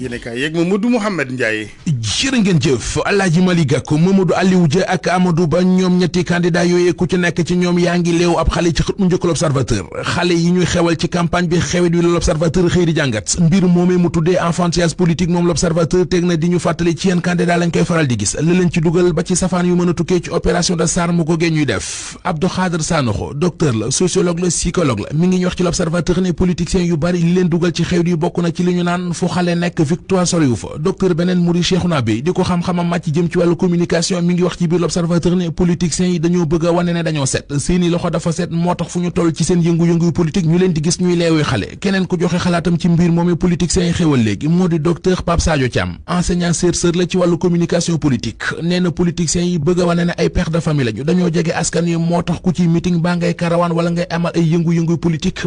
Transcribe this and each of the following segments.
yéen a kaay yeeg Mamadou Mouhamed Ndiaye jërë ngeen jëf Alaaji Mali Gakou Mamadou Aliou Dia ak Amadou Ba ñoom ñetti candidat yooyee ci nekk ci ñoom yaa ngi léew ab xale ci xët mu njëkk l'observateur xale yi ñuy xewal ci campagne bi xewet wi l'observateur xëy di jàngat mbir moomee mu tuddee enfantillage politique moom l'observateur teg na di ñu fàttali ci yeen candidat lañ koy faral di gis la leen ci dugal ba ci safaan yu mën a tukkee ci opération de sar mu ko ñuy def Abdou Khader Sanoxo bi di ko xam-xamam màcc jëm ci wàllu communication mi ngi wax ci biir l'observateur ne politiciens yi dañoo bëgg a wane ne dañoo set seeni loxo dafa set moo tax fu ñu toll ci seen yëngu-yëngu politique ñu yi xewal léegi moo di docteur Pape Sadio Thiam enseignant chercheur la ci wàllu communication politique nee na politiciens yi bëgg wane ne ay père famille lañu dañoo jege askan yi moo tax ku ci meeting baa ngay karawaan wala ngay amal ay yëngu-yëngu politique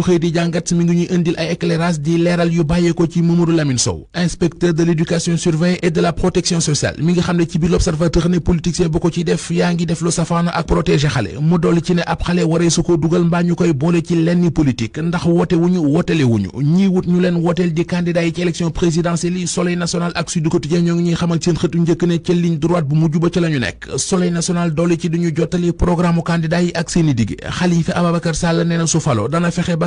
ko xëy ngi ñuy indil ay éclairage di leeral yu bàyyeekoo ci Mamadou Lamine Sow inspecteur de l'éducation surveillée et de la protection sociale mi nga xam ne ci biir l'observateur ne politicien bu ko ci def yaa ngi def lu safaana ak protéger xale mu dolli ci ne ab xale waree ko dugal mbaa ñu koy boole ci lenn politique ndax woote wuñu wootele wuñu ñii wut ñu leen wooteel di candidat yi ci élection présidentielle soleil national ak sud quotidien ñoo ngi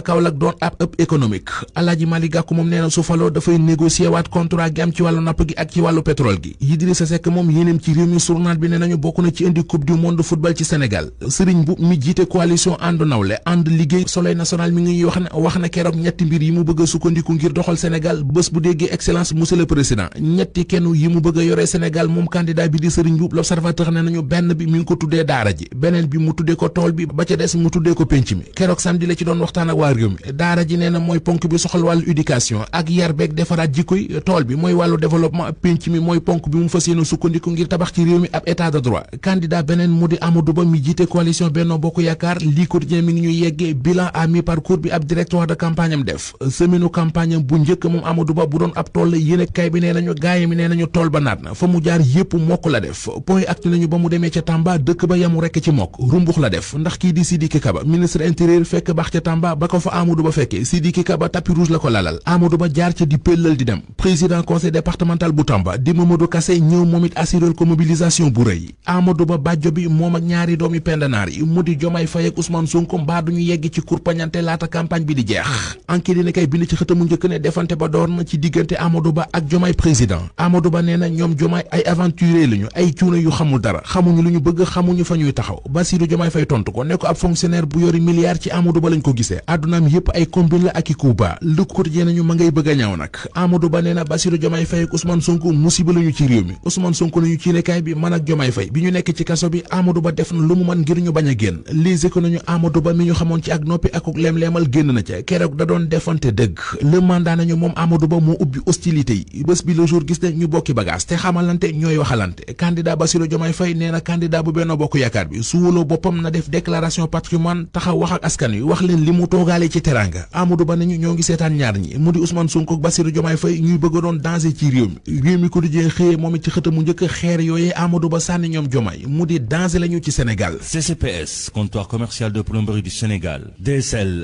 Kaolack doon ab ëpp économique Alaaji Mali Gàkku moom nee na su faloo dafay négocier waat gi am ci wàllu napp gi ak ci wàllu pétrole gi Idrissa Seck moom yéeneem ci réew mi journal bi ne nañu bokk na ci indi coupe du monde football ci Sénégal Serigne Mboup mi jiite coalition ànd nawle ànd liggéey soleil national mi ngi ñuy wax ne wax na keroog ñetti mbir yi mu bëgg a sukkandiku ngir doxal Sénégal bés bu déggee excellence monsieur président ñetti kenn yi a yoree Sénégal moom candidat bi bi mi ngi ko tuddee daara ji waa réew mi daara ji nee na mooy ponk bi soxal wàllu éducation ak yar defaraat jikkoy tool bi mooy wàllu développement ak penc mi mooy ponk bi mu fas yéene sukkandiku ngir tabax ci réew mi ab état droit candidat beneen mu di Amadou Ba mi jiite coalition Benno Bokk Yaakaar lii quotidien mi ngi ñuy yeggee bilan à mi parcours bi ab directoire de campagne def semaine campagne bu njëkk moom Amadou Ba bu doon ab tool la yéene kay bi nee nañu gaay mi nee nañu fa Amadou Ba fekke Sidiki Kaba tapis rouge la ko lalal Amadou Ba jaar ca di pëllal di dem président conseil départemental bu Tamba di Mamadou Kassé ñëw moom it assurel ko mobilisation bu rëy Amadou Ba bàjjo bi moom ak ñaari doomi pendanaar yi mu di Jomaay Faye ak Ousmane Sonko mbaa duñu yegg ci kurpañante laata campagne bi di jeex enquête dina kay bind ci xëtamu njëkk ne defante ba door na ci diggante Amadou Ba ak Jomaay président Amadou Ba nee na ñoom Jomaay ay aventurier lañu ay cuune dara xamuñu lu ñu bëgg xamuñu fa taxaw Bassirou Jomaay Faye tontu ko ne àddunaam a Ba moo ubbi hostilité yi bés bi le jour gis ne ñu bokki bagage te xamalante ñooy waxalante candidat Bassirou Diomaye Faye nee na candidat bu Benno Bokk Yaakaar bi su wóoloo boppam na def déclaration patrimoine taxaw wax ak askan wi wax leen li mu tooga duggaale ci teranga Amadou Ba nañu ñoo ngi seetaan ñaar ñi mu di Ousmane Sonko ak Bassirou Diomaye Faye ñuy bëgg a doon danger ci réew mi réew mi quotidien xëyee moom it ci xëtamu njëkk xeer yooyee Amadou Ba sànni ñoom Diomaye mu di danger lañu ci Sénégal CCPS commercial de plomberie du Sénégal DSL